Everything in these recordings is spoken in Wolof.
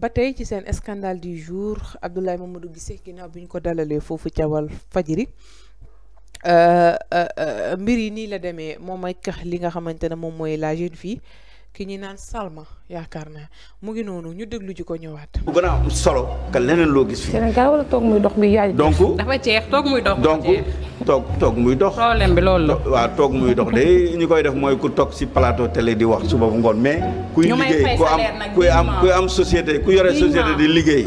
ba tey ci seen scandale du jour Abdoulaye Mamadou Guissé ginnaaw bi ñu ko dalalee foofu ca fajiri euh, euh, euh, mbir yi nii la demee moom ak li nga xamante ne moom mooy laa jeune fille ki ñuy naan Salma yaakaar naa mu ngi noonu ñu déglu ji ko ñëwaat. bu gën a am solo que leneen loo gis. Sénégal wala toog muy dox bi yaay. donc dafa toog muy dox. donc toog toog muy dox. problème bi loolu la. waaw toog muy dox de ñi koy def mooy ku toog si plateau tele di wax suba bu ngoon mais. kuy liggéey ku am kuy am kuy am société ku yore société di liggéey.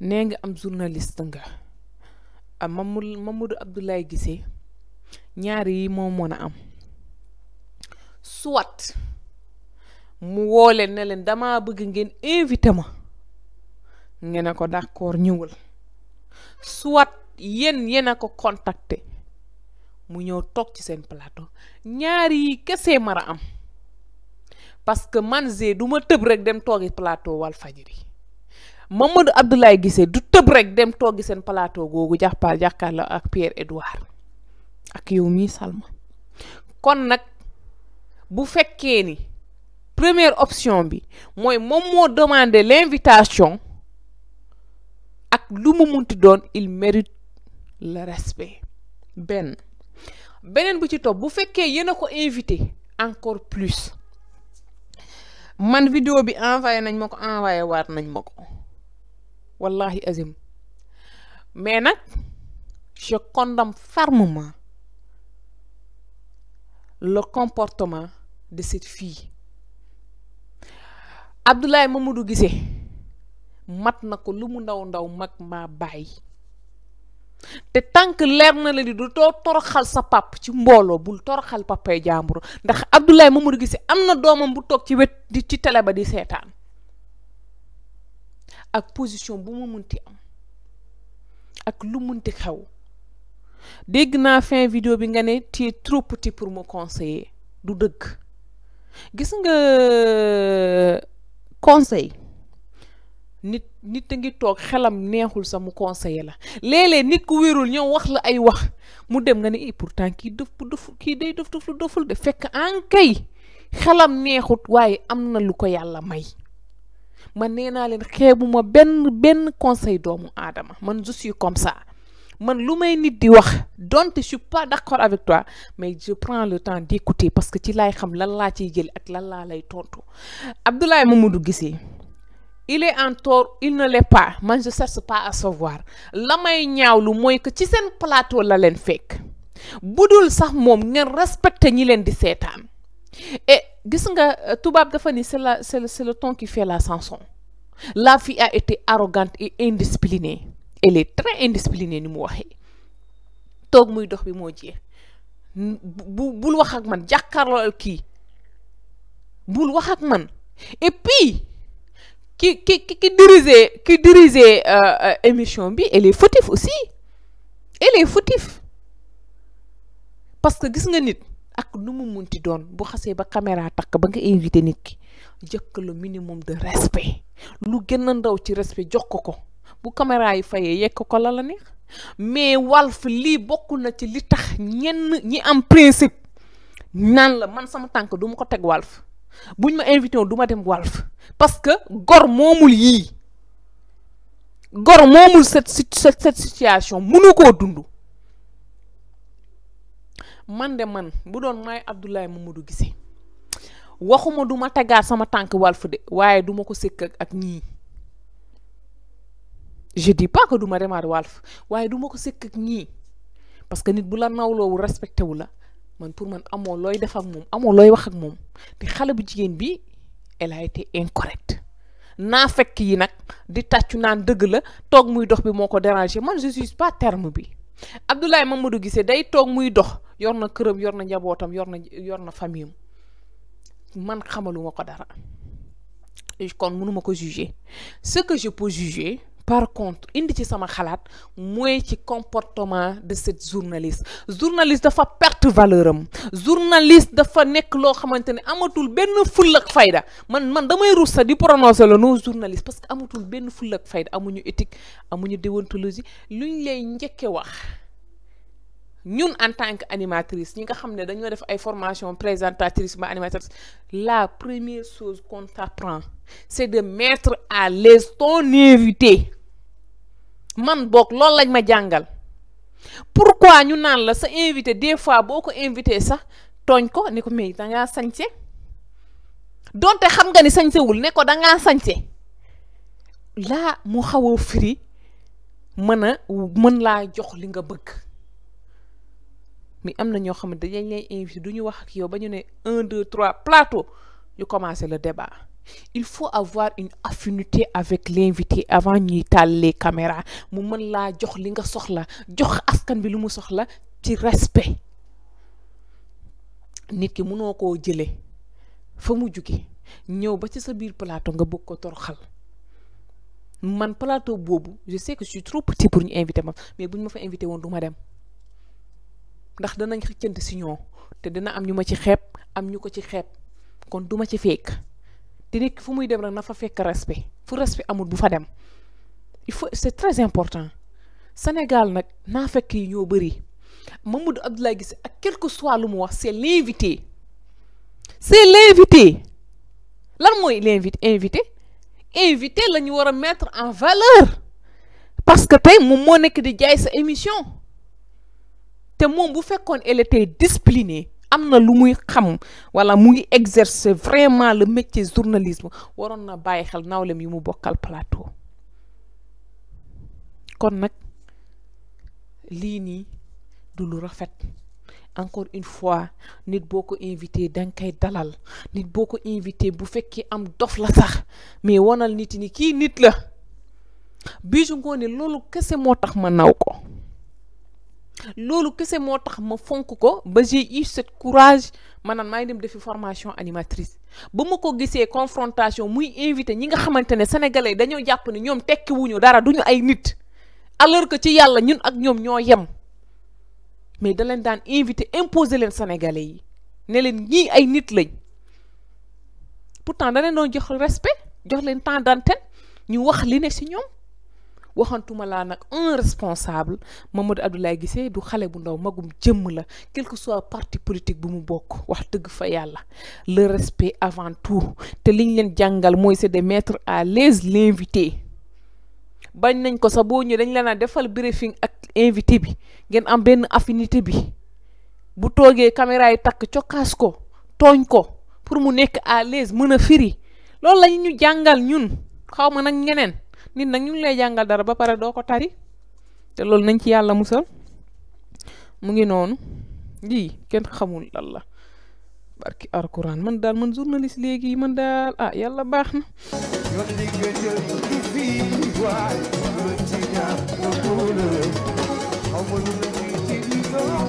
nee nga am journaliste nga ah Mamadou Mamadou Abdoulaye Guissé ñaari yi moo mën a am soit mu woo ne leen dama bëgg ngeen invité ma ngeen a ko d'accord ñëwal soit yéen yéen a ko contacter mu ñëw toog ci seen plateau ñaari yi kese mara am parce que man Zé du ma tëb rek dem toogi plateau Walfadjri Mamadou Abdoulaye gisee du tëb rek dem toogi seen plateau googu jàppa jàkkaarloo ak Pierre Edouard ak yow mii Salma kon nag bu fekkee ni première option bi mooy moom moo demandé l'invitation ak lu mu munti doon il mérite le respect benn beneen bu ci topp bu fekkee yéen ko invité encore plus man video bi envoyé nañ ma ko envoyé waat nañ ma ko wallahi azim mais nag je condamne fermement le comportement de cette fille Abdoulaye Mamadou Guissé mat na ko lu mu ndaw ndaw mag ma bàyyi te tànk leer na la ni du too toroxal sa pap ci mbooloo bul toroxal papay jàmbur ndax Abdoulaye Mamadou gisee am na doomam bu toog ci wet di ci tele ba di seetaan ak position bu mu munti am ak lu munti xew dégg naa fin video bi nga ne tu es trop pour me conseiller du dëgg gis nga conseil nit nit a ngi toog xelam neexul sa mu conseiller la léeg-léeg nit ku wérul ñëw wax la ay wax mu dem nga ne i pourtant kii def bu def kii day def def lu deful de fekk en kay xelam neexut waaye am na lu ko yàlla may man nee naa ben ben ben conseil doomu adama man je suis comme ça man lumay nit di wax donte je suis pas d'accord avec toi mais je prends le temps d'écouter parce que ci lay xam lan la ciy jël ak lan la lay tontu Abdoulaye Mamadou il est en tort il ne l'est pas man je cherche pas à savoir la may ñaawlu mooy que ci seen plateau la leen fekk budul sax moom ngeen respecté ñi leen di et nga euh, dafa c'est la c'est le ton qui fait la chanson la fille a été arrogante et indisciplinée elle est très indisciplinée ni mu tok muy dox bi mo wax ak man et puis qui dirigeait qui diriger euh, euh, elle est fautif aussi elle est fautive. parce que gis nga nit ak nu mu munti doon bu xasee ba caméra takk ba nga invité nit ki jëkk le minimum de respect lu gën a ndaw ci respect jox ko ko bu caméra yi fayee yekk ko la la neex mais Walf lii bokkul na ci li tax ñenn ñi am principe naan la man sama tànk duma ko teg Walf buñ ma invité woon du dem Walf parce que gor moomul yii gor moomul cette cette cette situation mënu koo dund man de man bu doon maay Abdoulaye Mamadou Guissé waxuma duma tagaat sama tank Walf de waye duma ko sëkk ak ni je dis pas que duma demaat Walf waye duma ko sëkk ak ni parce que nit bu la nawloowu respecté wu la man pour man amo loy def ak mom amo loy wax ak mom di xale bu jigen bi elle a été incorrecte na fekk yi nak di tatchu nan deug la tok muy dox bi moko déranger man je suis pas terme bi Abdoulaye Mamadou gisse day tok muy dox yor na kërëm yor na njabootam yor na yor na famille man xamaluma ko dara kon mënuma ko juger ce que je peux juger par contre indi ci sama xalaat mooy ci comportement de cette journaliste journaliste dafa perte valeur am journaliste dafa nekk loo xamante ne amatul benn fulla ak fayda man man damay rus sa di prononcer le nom journaliste parce que amatul benn fulla ak fayda amuñu éthique amuñu déontologie luñ lay njëkke wax nous, en tant que nous ñi nga xam ne dañoo def ay formation présentatrice ba animatrice la première chose qu'on t'apprend c'est de mettre à l'aise ton invité man boog loolu lañ ma jàngal pourquoi ñu naan la sa invité des fois boo ko invité sax tooñ ko ne ko mais dangaa sañse donte xam nga ni sañsewul ne ko dangaa sañse laa mu xaw a firi mën a mën laa jox li nga bëgg mais am na ñoo xam ne dañ lay invité duñu wax ak yow ba ñu ne un deux trois plateau ñu commencer le débat il faut avoir une affinité avec l'invité avant ñuy taal les mu mën laa jox li nga soxla jox askan bi lu mu soxla ci respect nit ki mënoo koo jëlee fa mu jóge ñëw ba ci sa biir plateau nga bëgg ko toroxal man plateau boobu je sais que je petit pour ñu invité ma mais bu ñu ma fa invité woon du ma dem. ndax danañ ñoo te dina am ci am ci kon ci te fu muy na respect fu respect amul bu fa il faut c'est très important Sénégal nag fait fekk ñoo bëri Abdoulaye ak quel soit lu c'est l'invité c'est l'invité lan mooy invité invité mettre en valeur parce que tey moom moo nekk di sa émission te moom bu fekkoon elle était am na lu muy xam wala mu ngi exercer vraiment le métier journalisme waroon na bàyyi xel nawlem yi mu bokkal plateau kon nag lii nii du lu rafet encore une fois nit boo ko invité da nga dalal nit boo ko invité bu fekkee am dof la sax mais wonal nit ni kii nit la Bijou Ngoné loolu kese moo tax ma naw ko loolu kese moo tax ma fonk ko ba j'ai eu cette courage maanaam maa ngi dem defi formation animatrice ba ma ko gisee confrontation muy invité ñi nga xamante ne sénégalais dañoo jàpp ne ñoom tekki dara duñu ay nit alors que ci yàlla ñun ak ñoom ñoo yem mais da leen daan invité imposer leen sénégalais yi ne leen ñii ay nit lañ pourtant da leen doon jox respect jox leen temps d'antenne ñu wax li ne si ñoom. waxantuma la nak un responsable Mamadou Abdoulaye gisse du xalé bu ndaw magum jëm la quel que soit parti politique bu mu bok wax deug fa yalla le respect avant tout te liñ leen jangal moy c'est de mettre à l'aise l'invité bañ nañ ko sa boo dañ a defal briefing ak invité bi ngeen am ben affinité bi bu toogee caméra yi tak ciokas ko togn ko pour mu nek à l'aise meuna firi loolu lañ ñu jangal ñun xawma nak ñenen nit nag ñu ngi lay jàngal dara ba pare doo ko tari te loolu nañ ci yàlla musal mu ngi noonu lii kenn xamul lan la barki alquran man daal man journaliste léegi man daal ah yàlla baax na